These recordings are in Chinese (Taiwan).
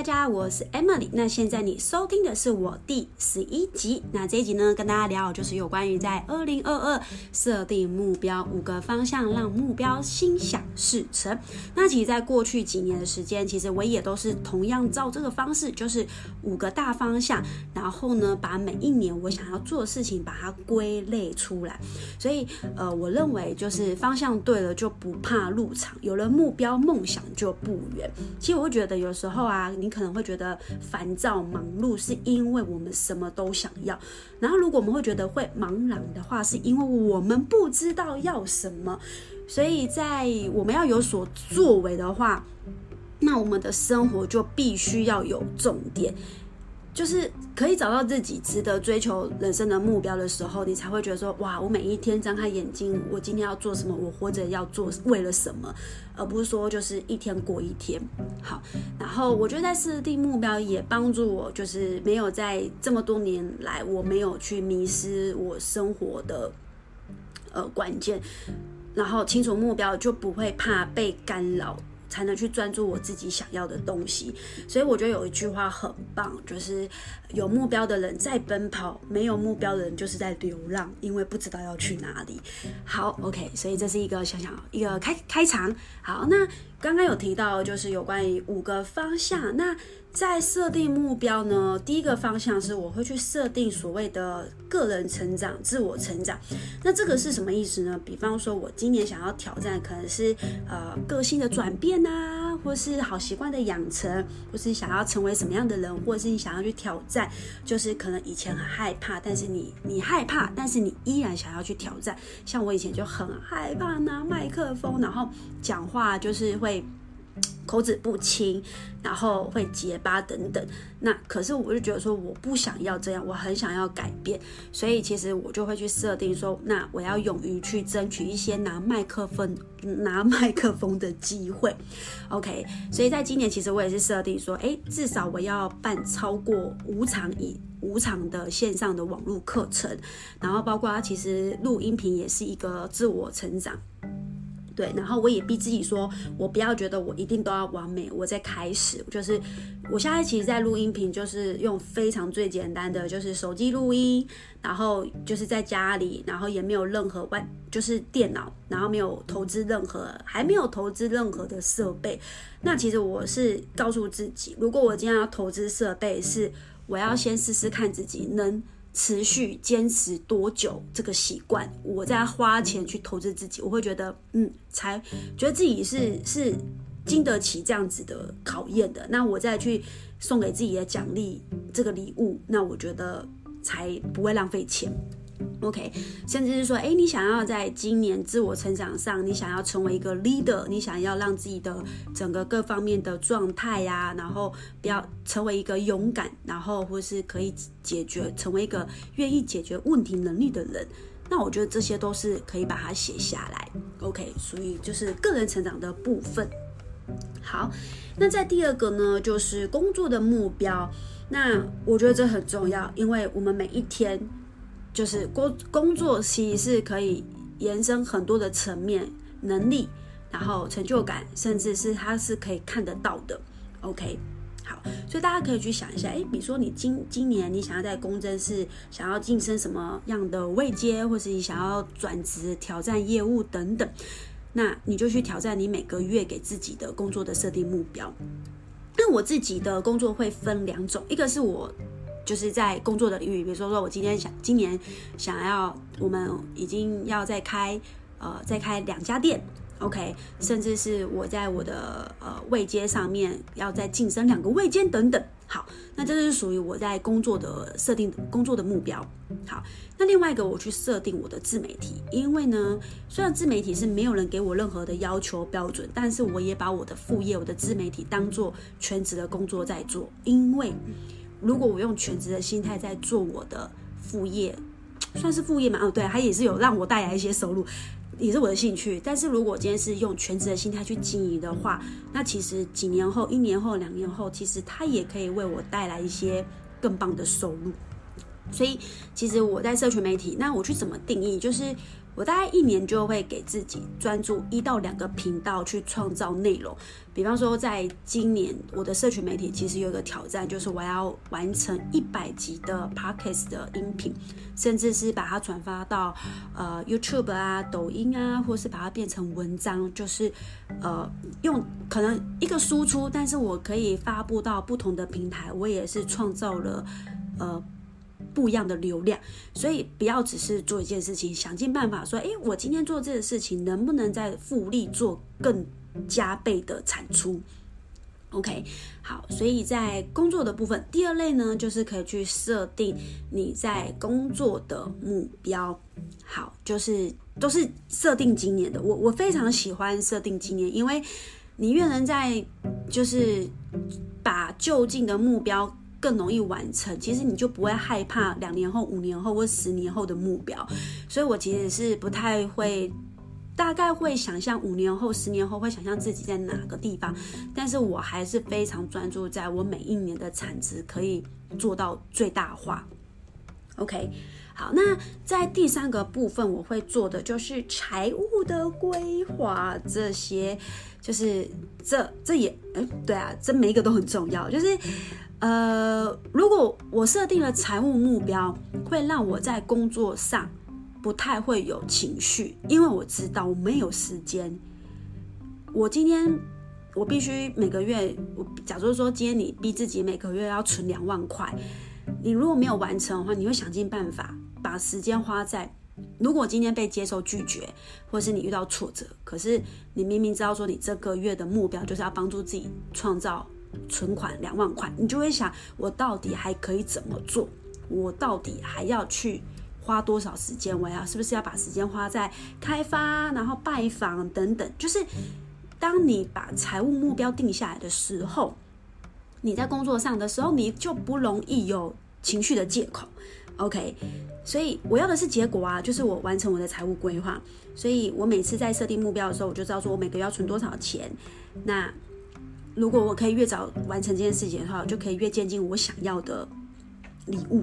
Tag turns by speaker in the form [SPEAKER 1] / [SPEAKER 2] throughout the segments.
[SPEAKER 1] 大家，我是 Emily。那現在你收聽的是我第十一集。那這一集呢，跟大家聊就是有關於在二零二二設定目標五個方向，讓目標心想事成。那其實，在過去幾年的時間，其實我也都是同樣照這個方式，就是五個大方向，然後呢，把每一年我想要做的事情把它歸類出來。所以，呃，我認為就是方向對了就不怕路長，有了目標，夢想就不遠。其實，我會覺得有時候啊，你可能會覺得煩躁、忙碌，是因為我們什麼都想要；然後，如果我們會覺得會茫然的話，是因為我們不知道要什麼。所以在我們要有所作為的話，那我們的生活就必須要有重點。就是可以找到自己值得追求人生的目標的時候，你才會覺得說，哇，我每一天張開眼睛，我今天要做什麼，我活着要做為了什麼，而不是說就是一天過一天。好，然後我覺得在設定目標也幫助我，就是沒有在這麼多年來，我沒有去迷失我生活的呃關鍵，然後清楚目標就不會怕被干擾。才能去專注我自己想要的東西，所以我覺得有一句話很棒，就是有目標的人在奔跑，沒有目標的人就是在流浪，因為不知道要去哪裡。好，OK，所以這是一個小小一個開開場。好，那剛剛有提到就是有關於五個方向，那。在設定目標呢，第一個方向是我會去設定所謂的個人成長、自我成長。那這個是什麼意思呢？比方說，我今年想要挑戰，可能是呃個性的轉變吶、啊，或是好習慣的養成，或是想要成為什麼樣的人，或者是你想要去挑戰，就是可能以前很害怕，但是你你害怕，但是你依然想要去挑戰。像我以前就很害怕拿麥克風，然後講話就是會。口齒不清，然後會結巴等等。那可是我就覺得說，我不想要這樣，我很想要改變。所以其實我就會去設定說，那我要勇於去爭取一些拿麥克風、拿麥克風的機會。OK，所以在今年其實我也是設定說，哎，至少我要辦超過五場以五場的線上的網絡課程，然後包括它其實錄音頻也是一個自我成長。對，然後我也逼自己說，我不要覺得我一定都要完美。我在開始，就是我現在其實，在錄音頻，就是用非常最簡單的，就是手機錄音，然後就是在家裡，然後也沒有任何外，就是電腦，然後沒有投資任何，還沒有投資任何的設備。那其實我是告訴自己，如果我今天要投資設備，是我要先試試看自己能。持續堅持多久這個習慣，我再花錢去投資自己，我會覺得，嗯，才覺得自己是是經得起這樣子的考驗的。那我再去送給自己的獎勵這個禮物，那我覺得才不會浪費錢。OK，甚至是說，哎、欸，你想要在今年自我成長上，你想要成為一個 leader，你想要讓自己的整個各方面的狀態呀，然後不要成為一個勇敢，然後或是可以解決，成為一個願意解決問題能力的人，那我覺得這些都是可以把它寫下來。OK，所以就是個人成長的部分。好，那在第二個呢，就是工作的目標。那我覺得這很重要，因為我們每一天。就是工工作其實是可以延伸很多的層面能力，然後成就感，甚至是它是可以看得到的。OK，好，所以大家可以去想一下，誒、欸，比如說你今今年你想要在公司是想要晉升什麼樣的位階，或是你想要轉職挑戰業務等等，那你就去挑戰你每個月給自己的工作的設定目標。那我自己的工作會分兩種，一個是我。就是在工作的領域，比如說說我今天想今年想要我們已經要再開呃再開兩、呃、家店，OK，甚至是我在我的呃位階上面要再晉升兩個位階等等。好，那這是屬於我在工作的設定工作的目標。好，那另外一個我去設定我的自媒體，因為呢，雖然自媒體是沒有人給我任何的要求標準，但是我也把我的副業我的自媒體當做全職的工作在做，因為。如果我用全職的心態在做我的副業，算是副業嗎？哦，對，它也是有讓我帶來一些收入，也是我的興趣。但是如果今天是用全職的心態去經營的話，那其實幾年後、一年後、兩年後，其實它也可以為我帶來一些更棒的收入。所以，其實我在社群媒體，那我去怎麼定義？就是。我大概一年就會給自己專注一到兩個頻道去創造內容，比方說，在今年我的社群媒體其實有個挑戰，就是我要完成一百集的 podcast 的音頻，甚至是把它轉發到呃 YouTube 啊、抖音啊，或是把它變成文章，就是呃用可能一個輸出，但是我可以發布到不同的平台。我也是創造了呃。不一樣的流量，所以不要只是做一件事情，想盡辦法說，哎、欸，我今天做這個事情能不能再複利做更加倍的產出？OK，好，所以在工作的部分，第二類呢就是可以去設定你在工作的目標，好，就是都是設定今年的。我我非常喜歡設定今年，因為你越能在就是把就近的目標。更容易完成，其實你就不會害怕兩年後、五年後或十年後的目標。所以我其實是不太會，大概會想象五年後、十年後會想象自己在哪個地方，但是我還是非常專注在我每一年的產值可以做到最大化。OK，好，那在第三個部分我會做的就是財務的規劃，這些就是這這也，哎，對啊，這每一個都很重要，就是。呃，如果我設定了財務目標，會讓我在工作上不太會有情緒，因為我知道我沒有時間。我今天我必須每個月，我假如說今天你逼自己每個月要存兩萬塊，你如果沒有完成的話，你會想盡辦法把時間花在。如果今天被接受拒絕，或是你遇到挫折，可是你明明知道說你這個月的目標就是要幫助自己創造。存款兩萬塊，你就會想，我到底還可以怎麼做？我到底還要去花多少時間？我要是不是要把時間花在開發，然後拜訪等等？就是當你把財務目標定下來的時候，你在工作上的時候，你就不容易有情緒的借口。OK，所以我要的是結果啊，就是我完成我的財務規劃。所以我每次在設定目標的時候，我就知道說我每個月要存多少錢。那。如果我可以越早完成這件事情的話，我就可以越接近我想要的禮物。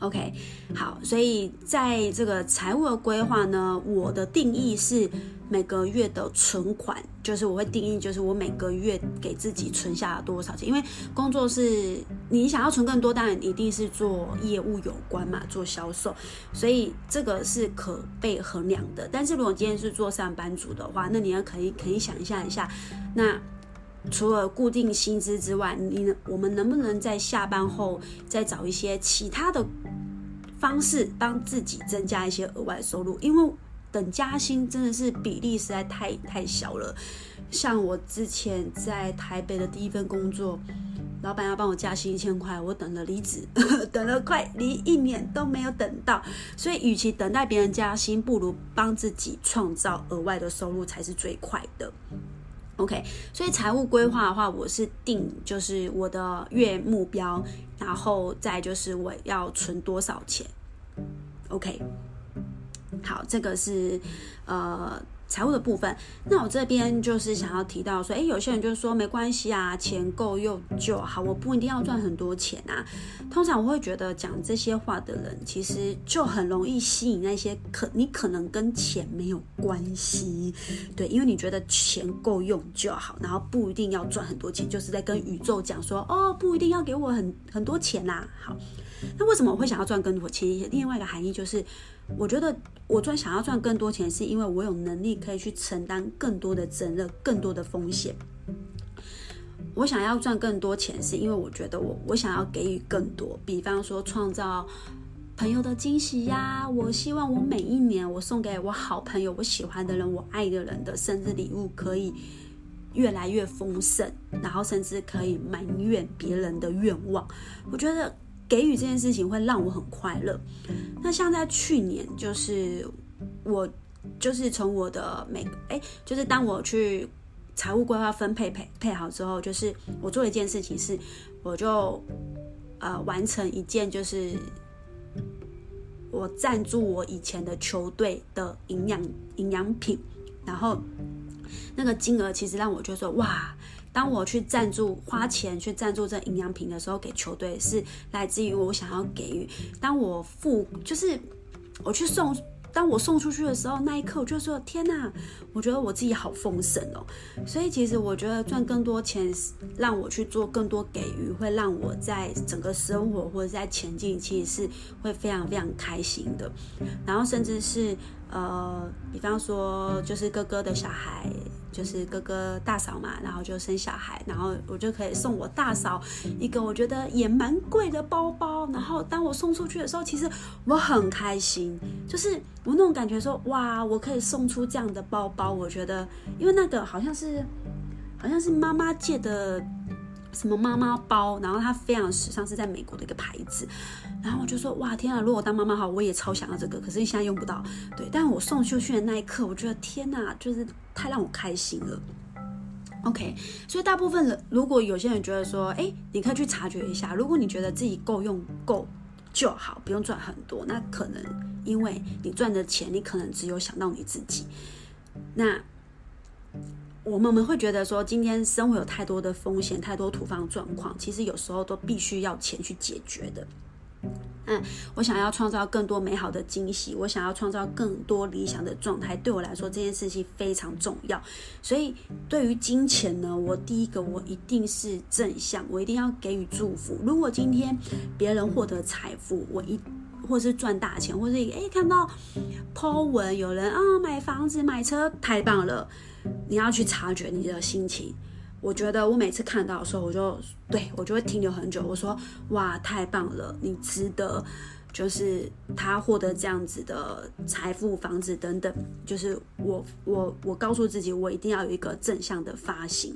[SPEAKER 1] OK，好，所以在這個財務的規劃呢，我的定義是每個月的存款，就是我會定義就是我每個月給自己存下多少錢。因為工作是你想要存更多，當然一定是做業務有關嘛，做銷售，所以這個是可被衡量的。但是如果今天是做上班族的話，那你要可以可以想象一下一下，那。除了固定薪資之外，你能我們能不能在下班後再找一些其他的方式，幫自己增加一些額外收入？因為等加薪真的是比例實在太太小了。像我之前在台北的第一份工作，老闆要幫我加薪一千塊，我等了離職，等了快離一年都沒有等到。所以，與其等待別人加薪，不如幫自己創造額外的收入才是最快的。OK，所以財務規劃的話，我是定就是我的月目標，然後再來就是我要存多少錢。OK，好，這個是，呃。財務的部分，那我這邊就是想要提到說，哎、欸，有些人就是說，沒關係啊，錢夠用就好，我不一定要賺很多錢啊。通常我會覺得講這些話的人，其實就很容易吸引那些可你可能跟錢沒有關係，對，因為你覺得錢夠用就好，然後不一定要賺很多錢，就是在跟宇宙講說，哦，不一定要給我很很多錢吶、啊。好，那為什麼我會想要賺更多錢一些？另外一個含義就是。我覺得我賺想要賺更多錢，是因為我有能力可以去承擔更多的責任、更多的風險。我想要賺更多錢，是因為我覺得我我想要給予更多，比方說，創造朋友的驚喜呀、啊。我希望我每一年我送給我好朋友、我喜歡的人、我愛的人的生日禮物可以越來越豐盛，然後甚至可以埋怨別人的願望。我覺得。給予這件事情會讓我很快樂。那像在去年，就是我就是從我的每個哎，就是當我去財務規劃分配配配好之後，就是我做了一件事情，是我就呃完成一件，就是我贊助我以前的球隊的營養營養品，然後那個金額其實讓我就說哇。當我去贊助、花錢去贊助這營養品的時候，給球隊是來自於我想要給予。當我付，就是我去送，當我送出去的時候，那一刻我就說：“天哪，我覺得我自己好豐盛哦。”所以，其實我覺得賺更多錢，讓我去做更多給予，會讓我在整個生活或者在前進，其實是會非常非常開心的。然後，甚至是。呃，比方說，就是哥哥的小孩，就是哥哥大嫂嘛，然後就生小孩，然後我就可以送我大嫂一個我覺得也蠻貴的包包。然後當我送出去的時候，其實我很開心，就是我那種感覺說，哇，我可以送出這樣的包包，我覺得，因為那個好像是，好像是媽媽借的。什麼媽媽包，然後它非常時尚，是在美國的一個牌子。然後我就說哇，天啊！如果當媽媽好我也超想要這個，可是你現在用不到。對，但我送出去的那一刻，我覺得天吶，就是太讓我開心了。OK，所以大部分人，如果有些人覺得說，誒，你可以去察覺一下，如果你覺得自己夠用夠就好，不用賺很多，那可能因為你賺的錢，你可能只有想到你自己。那。我們們會覺得說，今天生活有太多的風險，太多突發狀況，其實有時候都必須要錢去解決的。嗯，我想要創造更多美好的驚喜，我想要創造更多理想的狀態，對我來說這件事情非常重要。所以對於金錢呢，我第一個我一定是正向，我一定要給予祝福。如果今天別人獲得財富，我一或是賺大錢，或是誒看到 PO 文有人啊、哦、買房子買車，太棒了。你要去察覺你的心情，我覺得我每次看到的時候，我就對我就會停留很久。我說哇，太棒了，你值得，就是他獲得這樣子的財富、房子等等，就是我我我告訴自己，我一定要有一個正向的發心。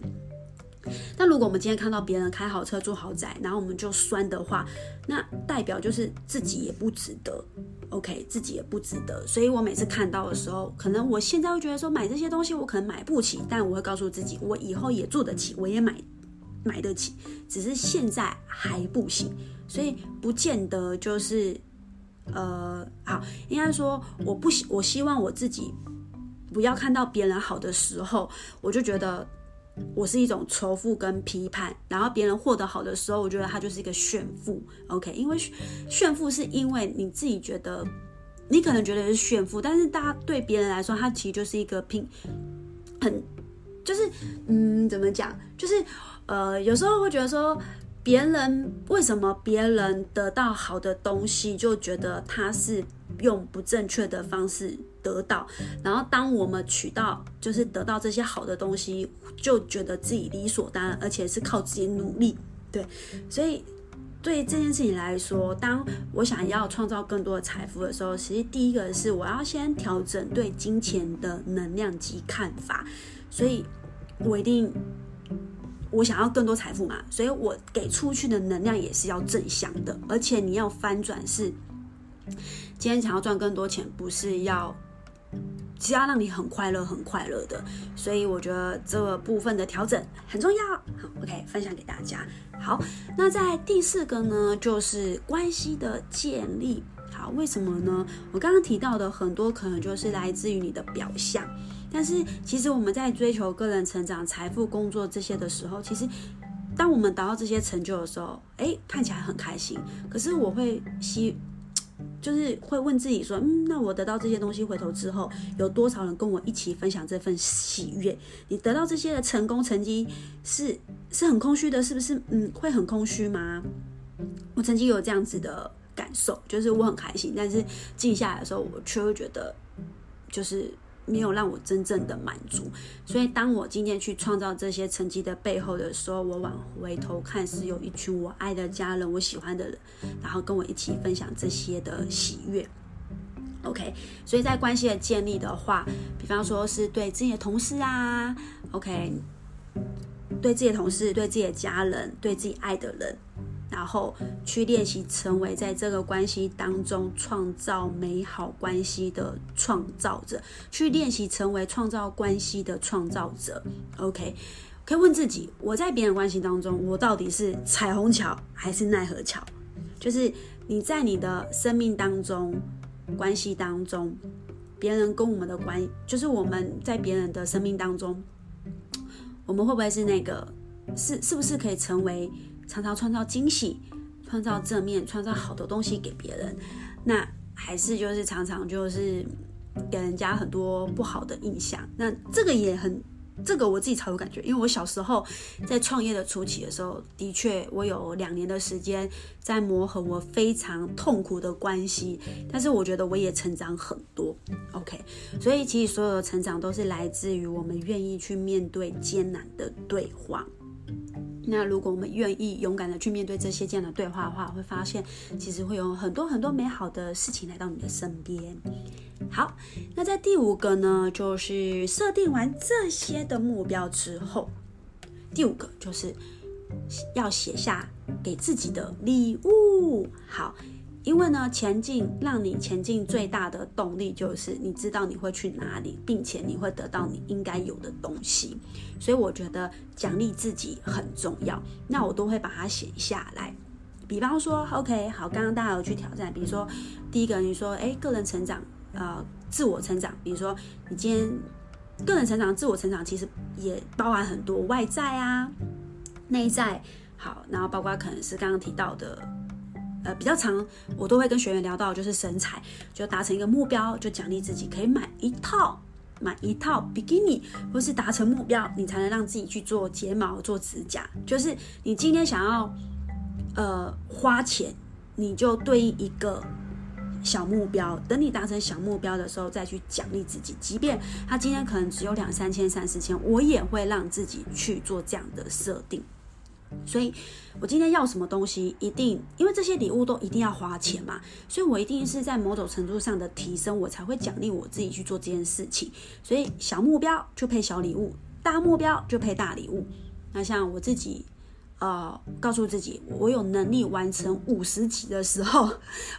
[SPEAKER 1] 那如果我們今天看到別人開豪車，住豪宅，然後我們就酸的話，那代表就是自己也不值得，OK，自己也不值得。所以我每次看到的時候，可能我現在會覺得說買這些東西我可能買不起，但我會告訴自己，我以後也住得起，我也買買得起，只是現在還不行。所以不見得就是，呃，好，應該說我不希我希望我自己不要看到別人好的時候，我就覺得。我是一種仇富跟批判，然後別人獲得好的時候，我覺得他就是一個炫富。OK，因為炫富是因為你自己覺得，你可能覺得是炫富，但是大家對別人來說，他其實就是一個平，很，就是，嗯，怎麼講？就是，呃，有時候會覺得說，別人為什麼別人得到好的東西，就覺得他是用不正確的方式。得到，然後當我們取到，就是得到這些好的東西，就覺得自己理所當然，而且是靠自己努力。對，所以對於這件事情來說，當我想要創造更多的財富的時候，其實第一個是我要先調整對金錢的能量及看法。所以我一定，我想要更多財富嘛，所以我給出去的能量也是要正向的，而且你要翻轉是，今天想要賺更多錢，不是要。只要讓你很快樂、很快樂的，所以我覺得這部分的調整很重要。好，OK，分享給大家。好，那在第四個呢，就是關係的建立。好，為什麼呢？我剛剛提到的很多可能就是來自於你的表象，但是其實我們在追求個人成長、財富、工作這些的時候，其實當我們達到這些成就的時候，誒，看起來很開心，可是我會希。就是會問自己說，嗯，那我得到這些東西回頭之後，有多少人跟我一起分享這份喜悅？你得到這些的成功成績是是很空虛的，是不是？嗯，會很空虛嗎？我曾經有這樣子的感受，就是我很開心，但是靜下來的時候，我卻會覺得，就是。沒有讓我真正的滿足，所以當我今天去創造這些成績的背後的時候，我往回頭看是有一群我愛的家人，我喜歡的人，然後跟我一起分享這些的喜悅。OK，所以在關係的建立的話，比方說是對自己的同事啊，OK，對自己的同事，對自己的家人，對自己愛的人。然後去練習成為在這個關係當中創造美好關係的創造者，去練習成為創造關係的創造者。OK，可以問自己：我在別人關係當中，我到底是彩虹橋還是奈何橋？就是你在你的生命當中、關係當中，別人跟我們的關，就是我們在別人的生命當中，我們會不會是那個？是是不是可以成為？常常創造驚喜，創造正面，創造好的東西給別人，那還是就是常常就是給人家很多不好的印象。那這個也很，這個我自己超有感覺，因為我小時候在創業的初期的時候，的確我有兩年的時間在磨合我非常痛苦的關係，但是我覺得我也成長很多。OK，所以其實所有的成長都是來自於我們願意去面對艱難的對話。那如果我們願意勇敢的去面對這些這樣的對話的話，會發現其實會有很多很多美好的事情來到你的身邊。好，那在第五個呢，就是設定完這些的目標之後，第五個就是要寫下給自己的禮物。好。因為呢，前進，讓你前進最大的動力就是你知道你會去哪裡，並且你會得到你應該有的東西，所以我覺得獎勵自己很重要。那我都會把它寫下來，比方說，OK，好，剛剛大家有去挑戰，比如說第一個你說，哎，個人成長，呃，自我成長，比如說你今天個人成長、自我成長，其實也包含很多外在啊、內在，好，然後包括可能是剛剛提到的。呃，比較常，我都會跟學員聊到，就是身材，就達成一個目標，就獎勵自己可以買一套，買一套比基尼，或是達成目標，你才能讓自己去做睫毛、做指甲。就是你今天想要，呃，花錢，你就對應一個小目標，等你達成小目標的時候再去獎勵自己。即便他今天可能只有兩三千、三四千，我也會讓自己去做這樣的設定。所以，我今天要什麼東西，一定因為這些禮物都一定要花錢嘛，所以我一定是在某種程度上的提升，我才會獎勵我自己去做這件事情。所以小目標就配小禮物，大目標就配大禮物。那像我自己，呃，告訴自己，我有能力完成五十集的時候，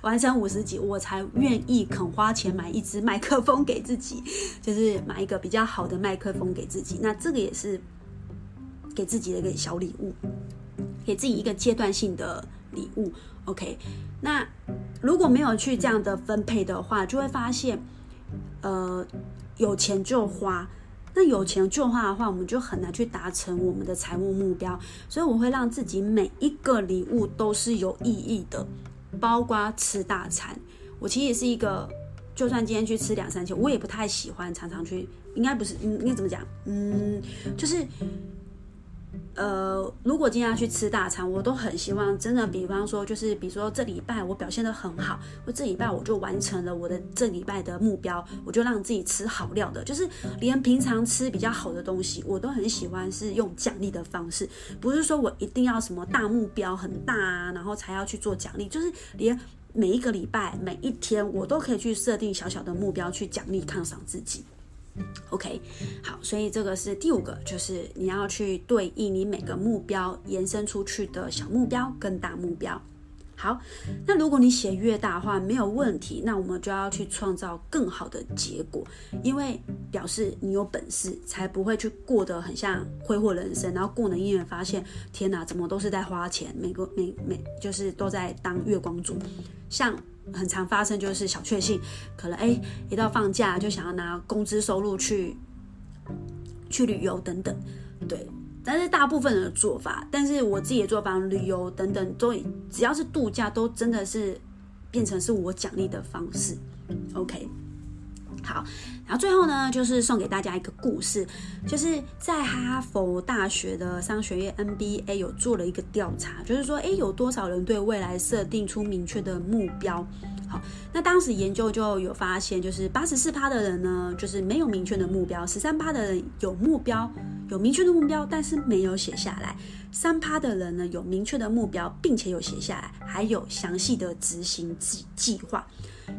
[SPEAKER 1] 完成五十集，我才願意肯花錢買一支麥克風給自己，就是買一個比較好的麥克風給自己。那這個也是。給自己的一個小禮物，給自己一個階段性的禮物。OK，那如果沒有去這樣的分配的話，就會發現，呃，有錢就花，那有錢就花的話，我們就很難去達成我們的財務目標。所以我會讓自己每一個禮物都是有意義的，包括吃大餐。我其實也是一個，就算今天去吃兩三千，我也不太喜歡常常去。應該不是，應該怎麼講？嗯，就是。呃，如果今天要去吃大餐，我都很希望真的，比方說，就是比如說這禮拜我表現得很好，我這禮拜我就完成了我的這禮拜的目標，我就讓自己吃好料的。就是連平常吃比較好的東西，我都很喜歡是用獎勵的方式，不是說我一定要什麼大目標很大啊，然後才要去做獎勵。就是連每一個禮拜每一天，我都可以去設定小小的目標去獎勵犒賞自己。OK，好，所以這個是第五個，就是你要去對應你每個目標延伸出去的小目標跟大目標。好，那如果你寫越大的話，沒有問題，那我們就要去創造更好的結果，因為表示你有本事，才不會去過得很像揮霍人生，然後過了一年發現，天哪，怎麼都是在花錢，每個每每就是都在當月光族，像很常發生就是小確幸，可能哎，一到放假就想要拿工資收入去去旅遊等等，對。但是大部分人的做法，但是我自己的做法，旅遊等等，都只要是度假，都真的是變成是我獎勵的方式。OK，好，然後最後呢，就是送給大家一個故事，就是在哈佛大學的商學院 MBA 有做了一個調查，就是說，誒、欸，有多少人對未來設定出明確的目標？好，那當時研究就有發現，就是八十四趴的人呢，就是沒有明確的目標；十三趴的人有目標，有明確的目標，但是沒有寫下來；三趴的人呢，有明確的目標，並且有寫下來，還有詳細的執行計計劃。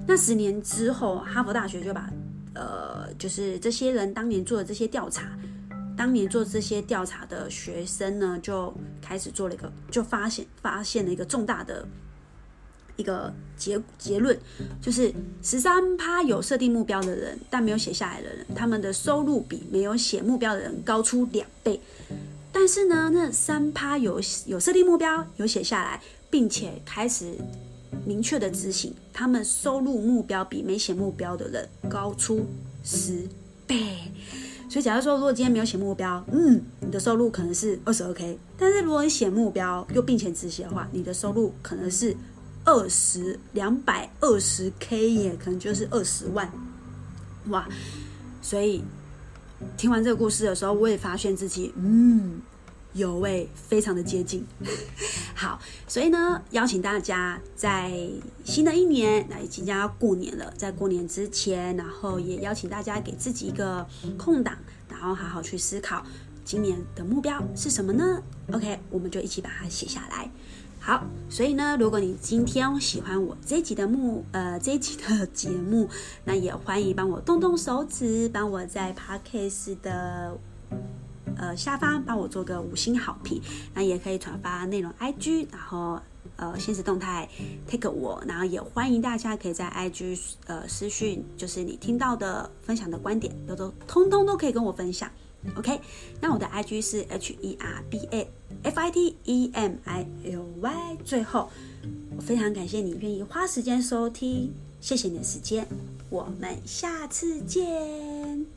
[SPEAKER 1] 那十年之後，哈佛大學就把，呃，就是這些人當年做的這些調查，當年做這些調查的學生呢，就開始做了一個，就發現發現了一個重大的。一個結結論就是十三趴有設定目標的人，但沒有寫下來的人，他們的收入比沒有寫目標的人高出兩倍。但是呢，那三趴有有設定目標、有寫下來，並且開始明確的執行，他們收入目標比沒寫目標的人高出十倍。所以，假如說，如果今天沒有寫目標，嗯，你的收入可能是 22K，但是如果你寫目標又並且執行的話，你的收入可能是。二十兩百二十 K，也可能就是二十萬，哇！所以聽完這個故事的時候，我也發現自己，嗯，有位非常的接近。 好，所以呢，邀請大家在新的一年，那即將要過年了，在過年之前，然後也邀請大家給自己一個空檔，然後好好去思考今年的目標是什麼呢？OK，我們就一起把它寫下來。好，所以呢，如果你今天喜歡我這一集的目，呃，這一集的節目，那也歡迎幫我動動手指，幫我在，在 podcast 的呃下方幫我做個五星好評。那也可以轉發內容 IG，然後呃，限時動態 tag 我，然後也歡迎大家可以在 IG 呃私訊，就是你聽到的分享的觀點，都都通通都可以跟我分享。OK，那我的 IG 是 HerbafitEmily。最後，我非常感謝你願意花時間收聽，謝謝你的時間，我們下次見。